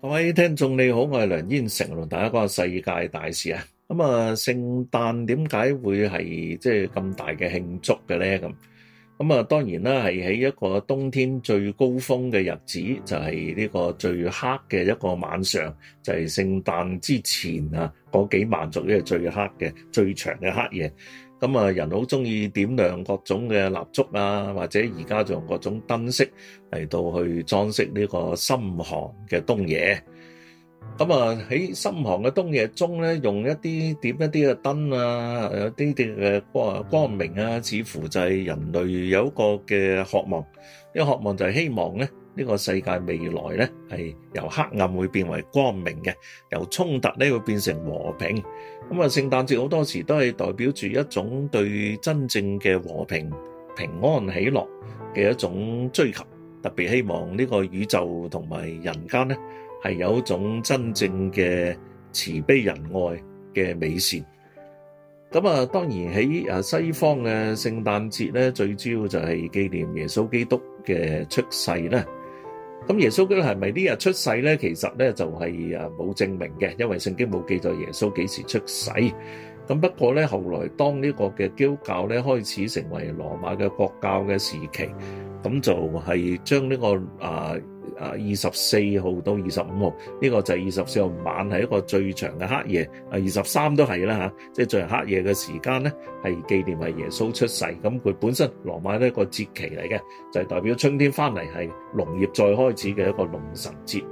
各位聽眾你好，我係梁燕成，同大家講下世界大事啊。咁啊，聖誕點解會係即係咁大嘅慶祝嘅咧？咁咁啊，當然啦，係喺一個冬天最高峰嘅日子，就係、是、呢個最黑嘅一個晚上，就係聖誕之前啊，嗰幾晚族呢係最黑嘅、最長嘅黑夜。咁啊，人好中意點亮各種嘅蠟燭啊，或者而家仲用各種燈飾嚟到去裝飾呢個深寒嘅冬夜。咁啊，喺深寒嘅冬夜中咧，用一啲點一啲嘅燈啊，有啲啲嘅光光明啊，似乎就係人類有一個嘅渴望。呢個渴望就係希望咧。呢個世界未來呢，係由黑暗會變為光明嘅，由衝突呢會變成和平。咁啊，聖誕節好多時都係代表住一種對真正嘅和平、平安、喜樂嘅一種追求，特別希望呢個宇宙同埋人間呢，係有一種真正嘅慈悲仁愛嘅美善。咁啊，當然喺啊西方嘅聖誕節呢，最主要就係紀念耶穌基督嘅出世啦。咁耶穌基督係咪呢日出世咧？其實咧就係誒冇證明嘅，因為聖經冇記載耶穌幾時出世。咁不過咧，後來當呢個嘅基督教咧開始成為羅馬嘅國教嘅時期，咁就係將呢個誒。呃啊！二十四號到二十五號呢個就係二十四號晚係一個最長嘅黑夜。啊，二十三都係啦嚇，即係最長黑夜嘅時間咧，係紀念係耶穌出世咁。佢本身羅馬呢一個節期嚟嘅，就係代表春天翻嚟係農業再開始嘅一個農神節。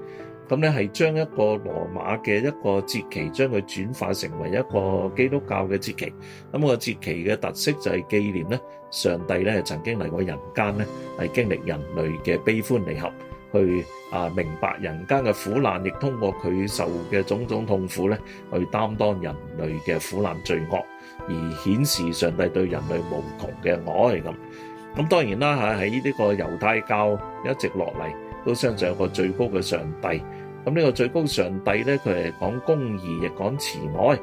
咁咧係將一個羅馬嘅一個節期，將佢轉化成為一個基督教嘅節期。咁個節期嘅特色就係紀念咧上帝咧曾經嚟過人間咧，係經歷人類嘅悲歡離合。去啊！明白人間嘅苦難，亦通過佢受嘅種種痛苦咧，去擔當人類嘅苦難罪惡，而顯示上帝對人類無窮嘅愛咁。咁當然啦嚇，喺呢個猶太教一直落嚟，都相信有個最高嘅上帝。咁呢個最高上帝咧，佢係講公義，亦講慈愛。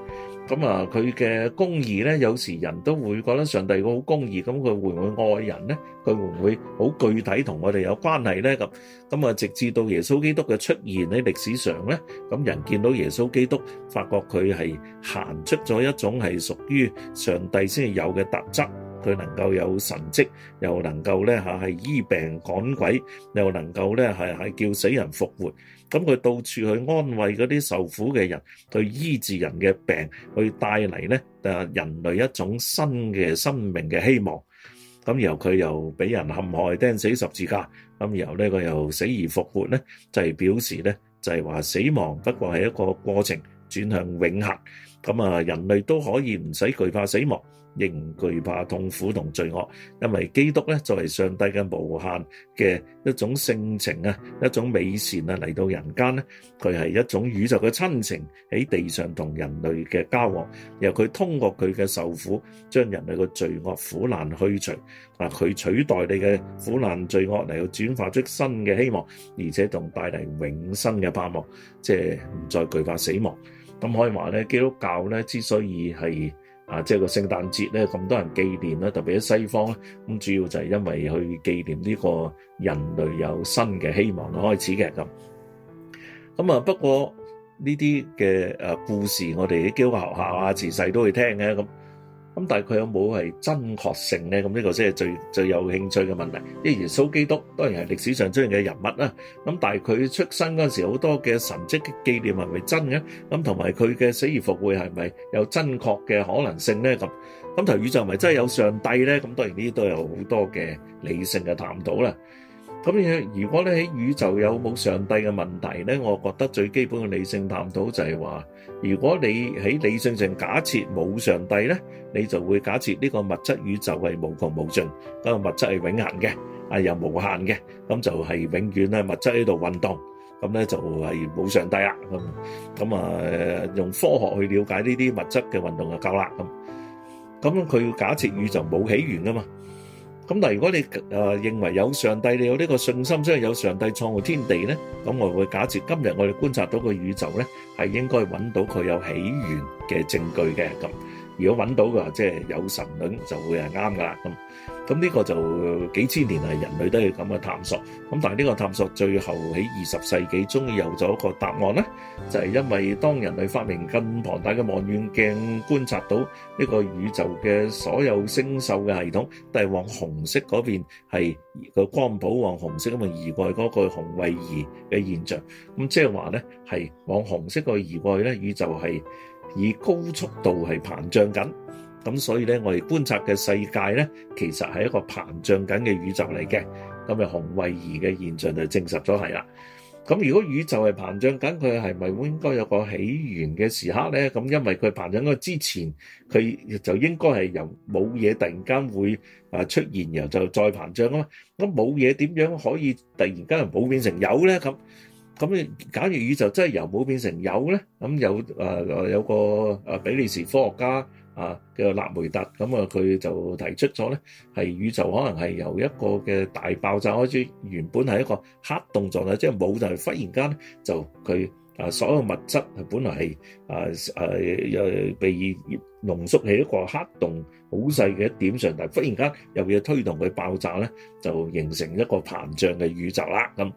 咁啊，佢嘅公義咧，有時人都會覺得上帝好公義，咁佢會唔會愛人咧？佢會唔會好具體同我哋有關係咧？咁咁啊，直至到耶穌基督嘅出現喺歷史上咧，咁人見到耶穌基督，發覺佢係行出咗一種係屬於上帝先係有嘅特質，佢能夠有神蹟，又能夠咧嚇係醫病趕鬼，又能夠咧係係叫死人復活。咁佢到處去安慰嗰啲受苦嘅人，去醫治人嘅病，去帶嚟咧誒人類一種新嘅生命嘅希望。咁然後佢又俾人陷害釘死十字架，咁然後呢咧佢又死而復活咧，就係、是、表示咧就係、是、話死亡不過係一個過程，轉向永恒。咁啊，人類都可以唔使懼怕死亡，亦唔懼怕痛苦同罪惡，因為基督咧作為上帝嘅無限嘅一種性情啊，一種美善啊嚟到人間咧，佢係一種宇宙嘅親情喺地上同人類嘅交往，由佢通過佢嘅受苦，將人類嘅罪惡苦難去除，啊，佢取代你嘅苦難罪惡嚟到轉化出新嘅希望，而且仲帶嚟永生嘅盼望，即係唔再懼怕死亡。咁可以話咧，基督教咧之所以係啊，即係個聖誕節咧咁多人紀念咧，特別喺西方咧，咁主要就係因為去紀念呢個人類有新嘅希望嘅開始嘅咁。咁啊，不過呢啲嘅誒故事，我哋啲基督教學校啊，自細都會聽嘅咁。咁但係佢有冇係真確性咧？咁呢個先係最最有興趣嘅問題。而耶穌基督當然係歷史上出現嘅人物啦。咁但係佢出生嗰陣時好多嘅神蹟記念係咪真嘅？咁同埋佢嘅死而復活係咪有真確嘅可能性咧？咁咁同埋宇宙係咪真係有上帝咧？咁當然呢啲都有好多嘅理性嘅探討啦。咁樣，如果咧喺宇宙有冇上帝嘅問題咧，我覺得最基本嘅理性探討就係話，如果你喺理性上假設冇上帝咧，你就會假設呢個物質宇宙係無窮無盡，咁啊物質係永恆嘅，啊又無限嘅，咁就係永遠咧物質喺度運動，咁咧就係冇上帝啊，咁咁啊用科學去了解呢啲物質嘅運動就夠啦，咁咁佢要假設宇宙冇起源噶嘛。咁但如果你誒認為有上帝，你有呢個信心，即係有上帝創造天地咧，咁我會假設今日我哋觀察到個宇宙咧，係應該揾到佢有起源嘅證據嘅。咁如果揾到嘅話，即係有神論就會係啱噶啦。咁。咁呢個就幾千年係人類都係咁嘅探索，咁但係呢個探索最後喺二十世紀終於有咗個答案咧，就係、是、因為當人類發明咁龐大嘅望遠鏡，觀察到呢個宇宙嘅所有星獸嘅系統，都係往紅色嗰邊係個光譜往紅色咁嘅移過去嗰個紅位移嘅現象，咁即係話咧係往紅色移過去呢，咧宇宙係以高速度係膨脹緊。咁所以咧，我哋觀察嘅世界咧，其實係一個膨脹緊嘅宇宙嚟嘅。咁啊，紅衛爾嘅現象就證實咗係啦。咁如果宇宙係膨脹緊，佢係咪應該有個起源嘅時刻咧？咁因為佢膨脹緊之前，佢就應該係由冇嘢突然間會啊出現，然後就再膨脹啊嘛。咁冇嘢點樣可以突然間冇變成有咧？咁咁你假如宇宙真係由冇變成有咧，咁有啊有個啊比利時科學家。啊叫做勒梅達咁啊，佢就提出咗咧，係宇宙可能係由一個嘅大爆炸開始，原本係一個黑洞狀態，即係冇就係忽然間咧就佢啊所有物質係本來係啊啊被濃縮喺一個黑洞好細嘅一點上，但係忽然間又要推動佢爆炸咧，就形成一個膨脹嘅宇宙啦咁。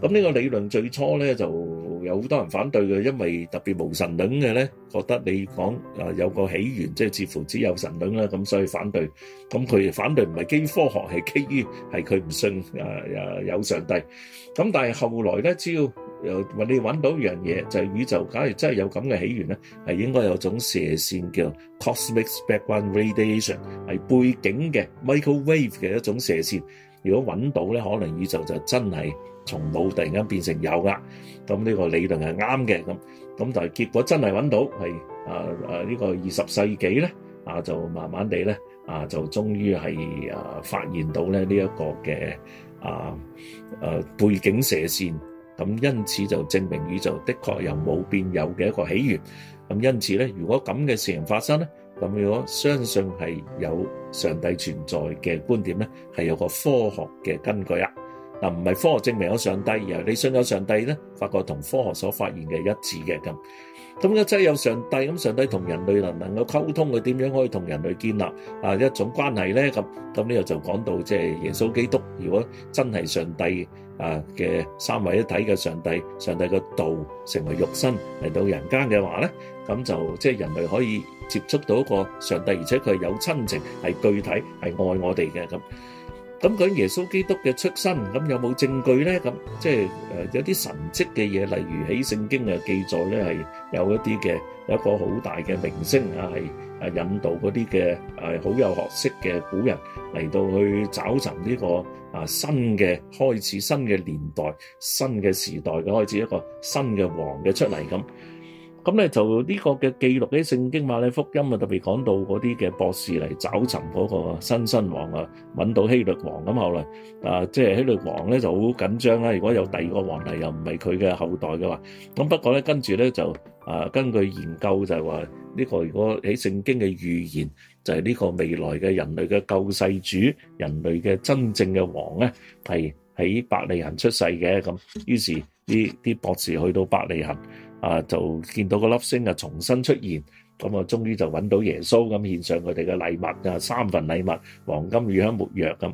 咁呢個理論最初咧就。有好多人反對嘅，因為特別無神論嘅咧，覺得你講啊有個起源，即係似乎只有神論啦，咁所以反對。咁佢反對唔係基於科學，係基於係佢唔信啊啊有上帝。咁但係後來咧，只要又問你揾到一樣嘢，就係宇宙。假如真係有咁嘅起源咧，係應該有種射線叫 cosmic background radiation，係背景嘅 microwave 嘅一種射線。如果揾到咧，可能宇宙就真係。從冇突然間變成有噶，咁呢個理論係啱嘅，咁咁但係結果真係揾到係啊啊呢個二十世紀咧，啊就慢慢地咧，啊就終於係啊發現到咧呢一個嘅啊誒背景射線，咁因此就證明宇宙的確由冇變有嘅一個起源。咁因此咧，如果咁嘅事情發生咧，咁如果相信係有上帝存在嘅觀點咧，係有個科學嘅根據啊。嗱，唔係科學證明有上帝，而係你信有上帝咧，發覺同科學所發現嘅一致嘅咁。咁嘅即係有上帝，咁上帝同人類能唔能夠溝通？佢點樣可以同人類建立啊一種關係咧？咁咁呢個就講到即係耶穌基督，如果真係上帝啊嘅三位一體嘅上帝，上帝個道成為肉身嚟到人間嘅話咧，咁就即係人類可以接觸到一個上帝，而且佢係有親情，係具體，係愛我哋嘅咁。咁佢耶穌基督嘅出身，咁有冇證據咧？咁即係誒有啲神跡嘅嘢，例如喺聖經嘅記載咧係有一啲嘅一個好大嘅明星啊，係引導嗰啲嘅好有學識嘅古人嚟到去找尋呢個啊新嘅開始，新嘅年代，新嘅時代嘅開始，一個新嘅王嘅出嚟咁。咁咧就呢個嘅記錄喺聖經馬利福音啊，特別講到嗰啲嘅博士嚟找尋嗰個新生王啊，揾到希律王咁後嚟啊，即係希律王咧就好緊張啦。如果有第二個王嚟，又唔係佢嘅後代嘅話，咁不過咧跟住咧就啊，根據研究就係話呢個如果喺聖經嘅預言就係呢個未來嘅人類嘅救世主、人類嘅真正嘅王咧，係喺伯利恒出世嘅咁。於是呢啲博士去到伯利恒。啊！就見到個粒星啊，重新出現，咁啊，終於就揾到耶穌咁獻上佢哋嘅禮物啊，三份禮物：黃金、乳香、沒藥咁。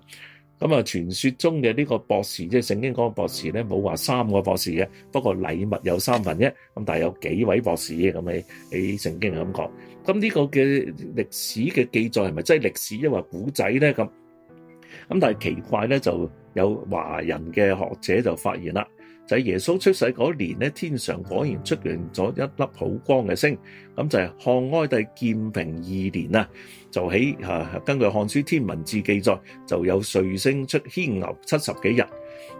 咁啊，傳說中嘅呢個博士，即係聖經嗰個博士咧，冇話三個博士嘅，不過禮物有三份啫。咁但係有幾位博士嘅咁你你聖經咁講，咁呢個嘅歷史嘅記載係咪真係歷史，抑或古仔咧？咁咁但係奇怪咧，就有華人嘅學者就發現啦。就係耶穌出世嗰年咧，天上果然出現咗一粒好光嘅星，咁就係漢哀帝建平二年啊，就喺根據《漢書天文志》記載，就有瑞星出牽牛七十幾日，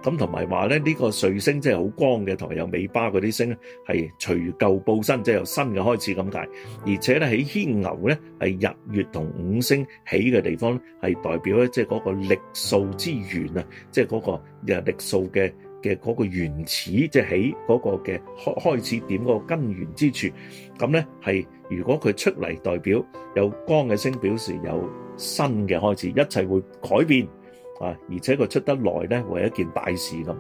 咁同埋話咧呢、呢個瑞星即係好光嘅，同埋有尾巴嗰啲星咧，係除舊報、就是、新，即係由新嘅開始咁解。而且咧喺牽牛咧係日月同五星起嘅地方咧，係代表咧即係嗰個曆數之源啊，即係嗰個日曆數嘅。嘅嗰個原始即係起嗰個嘅開開始點嗰個根源之處，咁咧係如果佢出嚟代表有光嘅星，表示有新嘅開始，一切會改變啊！而且佢出得耐咧，為一件大事咁。咁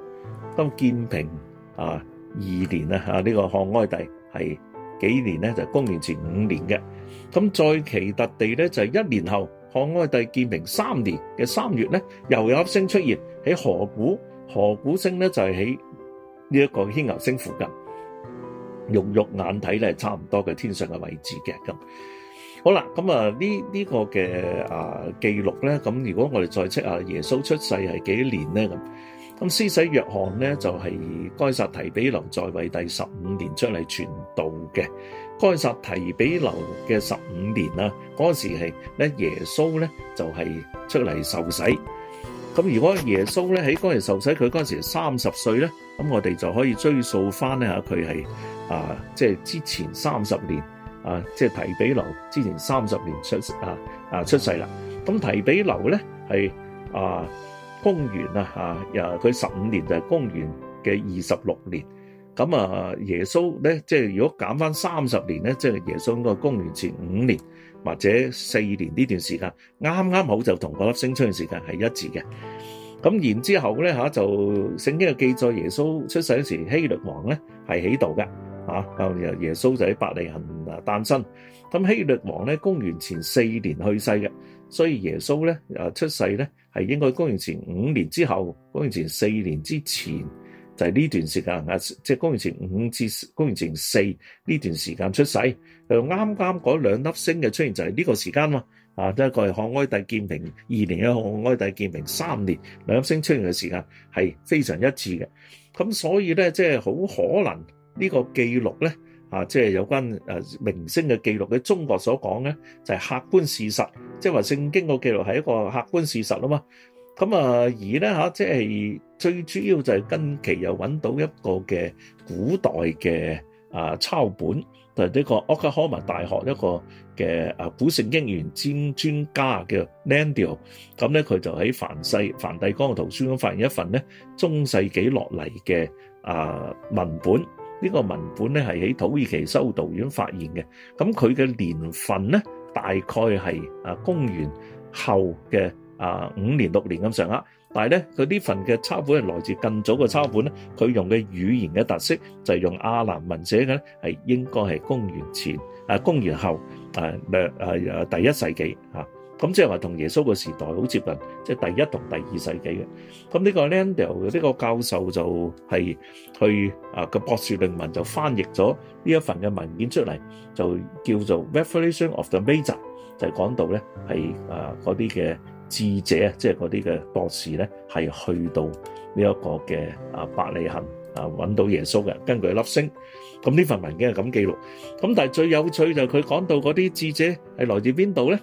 當建平啊二年啊，呢個漢哀帝係幾年咧？就公元前五年嘅。咁再奇特地咧，就一年後，漢哀帝建平三年嘅三月咧，又有星出現喺河鼓。河鼓星咧就係喺呢一個牽牛星附近，用肉眼睇咧差唔多嘅天上嘅位置嘅咁。好啦，咁、這個、啊呢呢個嘅啊記錄咧，咁如果我哋再測下耶穌出世係幾年咧咁，咁施洗約翰咧就係、是、該撒提比留在位第十五年出嚟傳道嘅。該撒提比留嘅十五年啊，嗰時係咧耶穌咧就係、是、出嚟受洗。咁如果耶穌咧喺嗰陣受洗，佢嗰陣時三十歲咧，咁我哋就可以追溯翻咧嚇佢係啊，即係之前三十年啊，即係提比留之前三十年出啊啊出世啦。咁提比留咧係啊公元啊啊，佢十五年就係公元嘅二十六年。咁啊耶穌咧，即係如果減翻三十年咧，即係耶穌嗰個公元前五年。或者四年呢段時間啱啱好就同嗰粒星出嘅時間係一致嘅，咁然之後咧嚇就聖經嘅記載，耶穌出世嗰時希律王咧係喺度嘅，嚇，然後耶穌就喺伯利恒啊誕生，咁希律王咧公元前四年去世嘅，所以耶穌咧啊出世咧係應該公元前五年之後，公元前四年之前。就係呢段時間啊，即係公元前五至公元前四呢段時間出世，又啱啱嗰兩粒星嘅出現就係呢個時間嘛，啊，一個係漢哀帝建平二年啊，漢哀帝建平三年兩粒星出現嘅時間係非常一致嘅，咁所以咧即係好可能呢個記錄咧啊，即係有關誒明星嘅記錄喺中國所講咧就係客觀事實，即係話聖經嘅記錄係一個客觀事實啊嘛。咁啊，而咧嚇，即係最主要就係近期又揾到一個嘅古代嘅啊抄本，就係一個 Oklahoma 大學一個嘅啊古聖經研專專家叫 Nandio，咁呢佢就喺梵世梵蒂岡嘅圖書館發現一份咧中世紀落嚟嘅啊文本，呢個文本咧係喺土耳其修道院發現嘅，咁佢嘅年份咧大概係啊公元後嘅。啊，五年六年咁上下，但係咧，佢呢份嘅抄本係來自更早嘅抄本咧，佢用嘅語言嘅特色就係用亞蘭文寫嘅咧，係應該係公元前啊，公元後啊，略啊啊第一世紀嚇，咁即係話同耶穌個時代好接近，即係第一同第二世紀嘅。咁呢個 Lendell 呢個教授就係去啊個博士論文就翻譯咗呢一份嘅文件出嚟，就叫做《Revelation of the Major》，就係講到咧係啊嗰啲嘅。智者即係嗰啲嘅博士咧，係去到呢一個嘅啊伯利恆啊揾到耶穌嘅。根據粒星，咁呢份文件係咁記錄。咁但係最有趣就係佢講到嗰啲智者係來自邊度咧？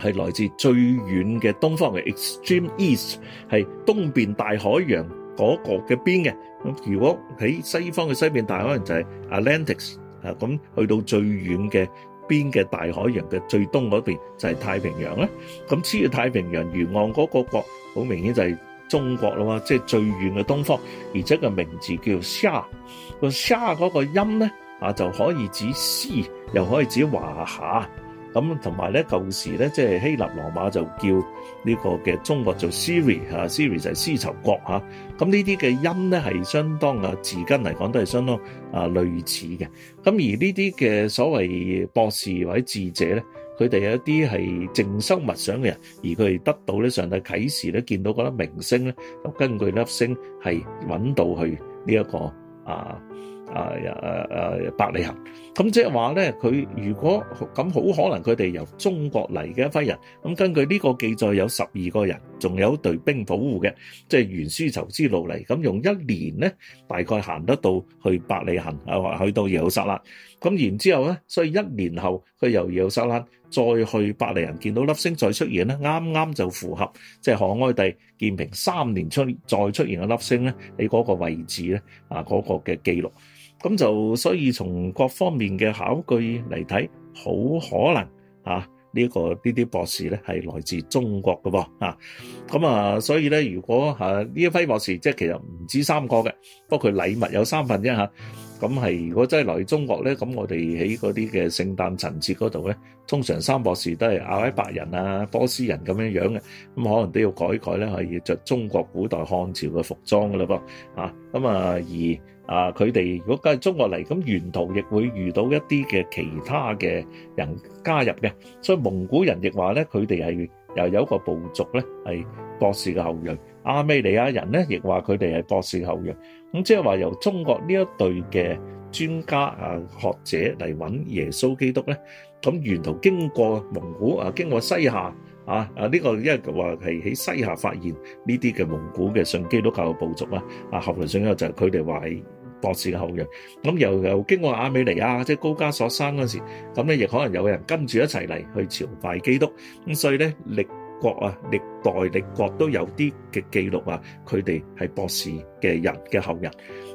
係來自最遠嘅東方嘅 Extreme East，係東邊大海洋嗰個嘅邊嘅。咁如果喺西方嘅西邊大海洋就係 Atlantis 啊。咁去到最遠嘅。邊嘅大海洋嘅最東嗰邊就係太平洋啦，咁黐住太平洋沿岸嗰個國，好明顯就係中國啦嘛，即係最遠嘅東方，而且個名字叫做沙，個沙嗰個音咧啊就可以指絲，又可以指華夏。咁同埋咧，舊時咧即係希臘羅馬就叫呢個嘅中國做 Siri 吓，Siri 就係絲綢國吓。咁呢啲嘅音咧係相當啊字根嚟講都係相當啊類似嘅。咁而呢啲嘅所謂博士或者智者咧，佢哋有一啲係靜修默想嘅人，而佢哋得到咧上帝啟示咧，見到嗰粒明星咧，就根據粒星係揾到去呢一個啊。啊！啊啊！百里行咁即係話咧，佢如果咁好可能佢哋由中國嚟嘅一批人咁，根據呢個記載有十二個人，仲有一隊兵保護嘅，即係原絲綢之路嚟咁，用一年咧大概行得到去百里行啊，或去到耶路撒冷咁。然之後咧，所以一年後佢由耶路撒冷再去百里行，見到粒星再出現咧，啱啱就符合即係漢哀帝建平三年出再出現嘅粒星咧，喺嗰個位置咧啊嗰個嘅記錄。咁就所以從各方面嘅考據嚟睇，好可能啊呢、這個呢啲博士咧係來自中國㗎喎啊！咁啊，所以咧，如果嚇呢、啊、一批博士即係其實唔止三個嘅，不過佢禮物有三分一嚇，咁、啊、係如果真係來中國咧，咁我哋喺嗰啲嘅聖誕陳設嗰度咧，通常三博士都係阿拉伯人啊、波斯人咁樣樣嘅，咁、啊、可能都要改一改咧，係要着中國古代漢朝嘅服裝噶啦噃啊！咁啊，啊而啊！佢哋如果係中國嚟，咁沿途亦會遇到一啲嘅其他嘅人加入嘅，所以蒙古人亦話咧，佢哋係又有一個部族咧係博士嘅後裔。阿美尼亞人咧亦話佢哋係博士後裔。咁即係話由中國呢一隊嘅專家啊學者嚟揾耶穌基督咧，咁沿途經過蒙古啊，經過西夏啊，啊呢個因為話係喺西夏發現呢啲嘅蒙古嘅信基督教嘅部族啊，啊後嚟仲有就係佢哋話係。博士嘅後人，咁又又經過亞美尼亞即高加索山嗰時，咁咧亦可能有嘅人跟住一齊嚟去朝拜基督，咁所以咧歷國啊歷代歷國都有啲嘅記錄啊，佢哋係博士嘅人嘅後人，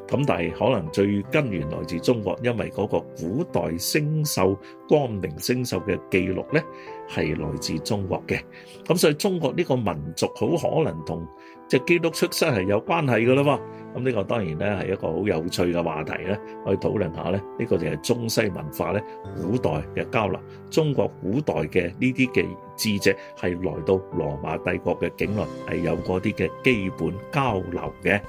咁但係可能最根源來自中國，因為嗰個古代星宿光明星宿嘅記錄咧係來自中國嘅，咁所以中國呢個民族好可能同即基督出身係有關係噶啦嘛。咁呢個當然咧係一個好有趣嘅話題咧，可以討論下咧。呢、這個就係中西文化咧古代嘅交流，中國古代嘅呢啲嘅智者係來到羅馬帝國嘅境內，係有嗰啲嘅基本交流嘅。